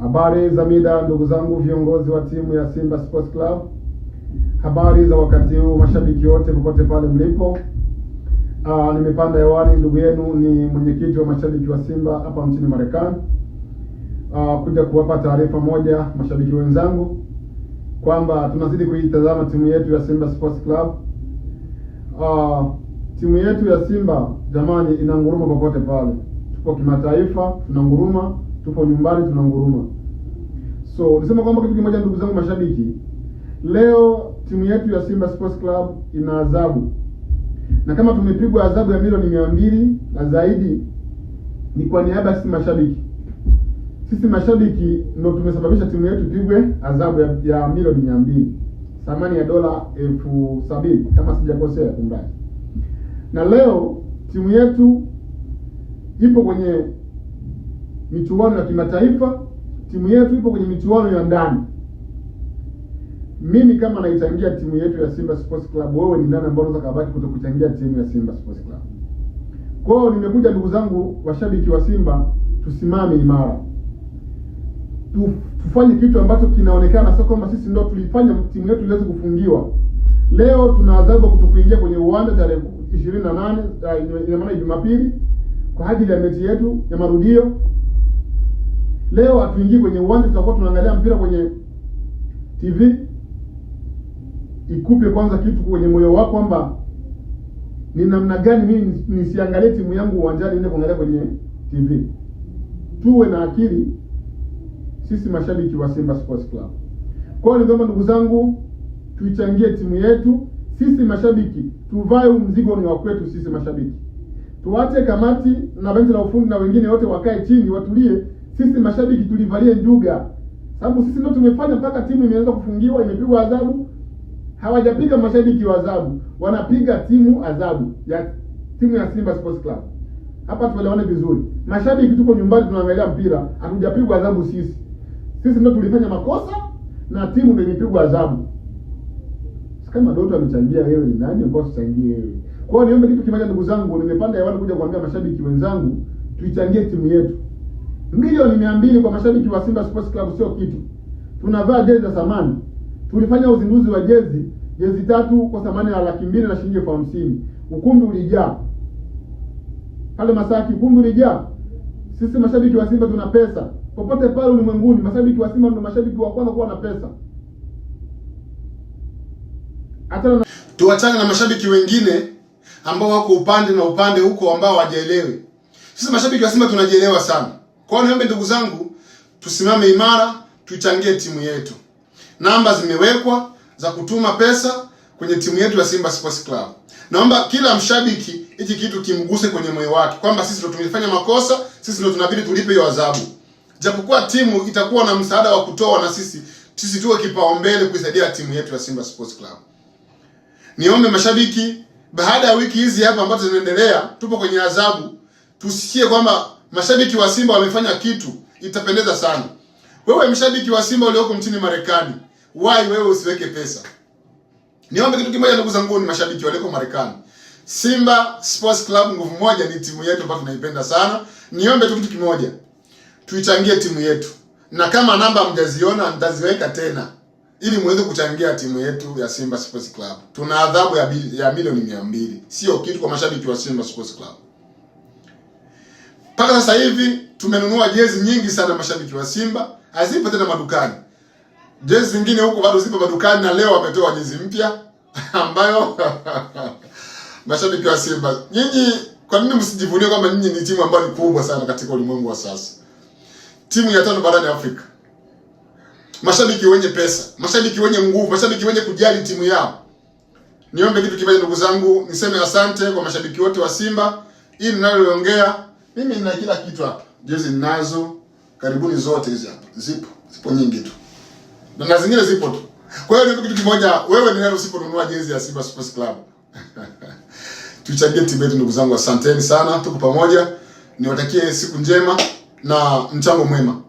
Habari za mida, ndugu zangu, viongozi wa timu ya Simba Sports Club, habari za wakati huu, mashabiki wote popote pale mlipo. Aa, ah, nimepanda hewani, ndugu yenu ni mwenyekiti wa mashabiki wa Simba hapa nchini Marekani, ah, kuja kuwapa taarifa moja mashabiki wenzangu kwamba tunazidi kuitazama timu yetu ya Simba Sports Club. Aa, ah, timu yetu ya Simba jamani, ina popote pale, tuko kimataifa, tunanguruma nguruma tuko nyumbani tunanguruma. So nisema kwamba kitu kimoja, ndugu zangu mashabiki, leo timu yetu ya Simba Sports Club ina adhabu, na kama tumepigwa adhabu ya milioni mia mbili na zaidi, ni kwa niaba ya sisi mashabiki. Sisi mashabiki ndo tumesababisha timu yetu pigwe adhabu ya, ya milioni mia mbili thamani ya dola elfu sabini kama sijakosea kumbali, na leo timu yetu ipo kwenye michuano ya kimataifa, timu yetu ipo kwenye michuano ya ndani. Mimi kama naichangia timu yetu ya Simba Sports Club, wewe ni nani ambaye unaweza kabaki kutokuchangia timu ya Simba Sports Club? Kwa hiyo nimekuja, ndugu zangu washabiki wa Simba, tusimame imara, tufanye kitu ambacho kinaonekana sio kama sisi ndio tulifanya timu yetu iweze kufungiwa. Leo tuna adhabu ya kutokuingia kwenye uwanja tarehe 28 eh, ina maana Jumapili kwa ajili ya mechi yetu ya marudio. Leo hatuingii kwenye uwanja, tutakuwa tunaangalia mpira kwenye TV. Ikupe kwanza kitu kwenye moyo wako kwamba ni namna gani mimi nisiangalie timu yangu uwanjani, niende kuangalia kwenye TV. Tuwe na akili sisi mashabiki wa Simba Sports Club. Kwa hiyo ndio ndugu zangu, tuichangie timu yetu sisi mashabiki, tuvae mzigo ni wa kwetu sisi mashabiki, tuache kamati na benchi la ufundi na wengine wote wakae chini, watulie sisi mashabiki tulivalie njuga, sababu sisi ndio tumefanya mpaka timu imeanza kufungiwa, imepigwa adhabu. Hawajapiga mashabiki wa adhabu, wanapiga timu adhabu ya timu ya Simba Sports Club. Hapa tuelewane vizuri, mashabiki tuko nyumbani, tunaangalia mpira, hatujapigwa adhabu sisi. Sisi ndio tulifanya makosa na timu ndio imepigwa adhabu. Kama Doto amechangia wewe, ni nani ambao tuchangie wewe? Kwa hiyo niombe kitu kimoja, ndugu zangu, nimepanda hewani kuja kuambia mashabiki wenzangu, tuichangie timu yetu. Milioni mia mbili kwa mashabiki wa Simba Sports Club sio kitu. Tunavaa jezi za thamani. Tulifanya uzinduzi wa jezi jezi tatu kwa thamani ya laki mbili na shilingi elfu hamsini. Ukumbi ulijaa pale Masaki, ukumbi ulijaa. Sisi mashabiki wa Simba tuna pesa popote pale ulimwenguni. Mashabiki wa Simba ndio mashabiki wa kwanza kuwa na pesa. Atana... tuachane na mashabiki wengine ambao wako upande na upande huko ambao hawajielewi. Sisi mashabiki wa Simba tunajielewa sana. Kwa hiyo niombe ndugu zangu, tusimame imara, tuichangie timu yetu. Namba zimewekwa za kutuma pesa kwenye timu yetu ya Simba Sports Club. Naomba kila mshabiki hiki kitu kimguse kwenye moyo wake kwamba sisi ndio tumefanya makosa, sisi ndio tunabidi tulipe hiyo adhabu. Japokuwa timu itakuwa na msaada wa kutoa na sisi sisi tuwe kipaumbele kuisaidia timu yetu ya Simba Sports Club. Niombe mashabiki, baada ya wiki hizi hapa ambazo zinaendelea, tupo kwenye adhabu, tusikie kwamba mashabiki wa Simba wamefanya kitu itapendeza sana. Wewe mshabiki wa Simba ulioko nchini Marekani, wai wewe usiweke pesa. Niombe kitu kimoja, ndugu zangu, ni mashabiki walioko Marekani, Simba Sports Club nguvu moja ni timu yetu ambayo tunaipenda sana. Niombe tu kitu kimoja, tuichangie timu yetu, na kama namba mjaziona nitaziweka tena ili muweze kuchangia timu yetu ya Simba Sports Club. Tuna adhabu ya, ya milioni mia mbili, sio kitu kwa mashabiki wa Simba Sports Club. Mpaka sasa hivi tumenunua jezi nyingi sana mashabiki wa Simba, hazipo tena madukani. Jezi zingine huko bado zipo madukani na leo wametoa jezi mpya ambayo mashabiki wa Simba. Nyinyi kwa nini msijivunie kwamba nyinyi ni timu ambayo ni kubwa sana katika ulimwengu wa sasa? Timu ya tano barani Afrika. Mashabiki wenye pesa, mashabiki wenye nguvu, mashabiki wenye kujali timu yao. Niombe kitu kimoja ndugu zangu, niseme asante kwa mashabiki wote wa Simba. Hii ninayoongea mimi nina kila kitu hapa. Jezi ninazo karibuni zote hizi hapa. Zipo. Zipo nyingi tu. Na zingine zipo tu. Kwa hiyo kitu kimoja wewe ninalo usiponunua jezi ya Simba Sports Club. Tuchangie timu yetu ndugu zangu, asanteni sana, tuko pamoja. Niwatakie siku njema na mchango mwema.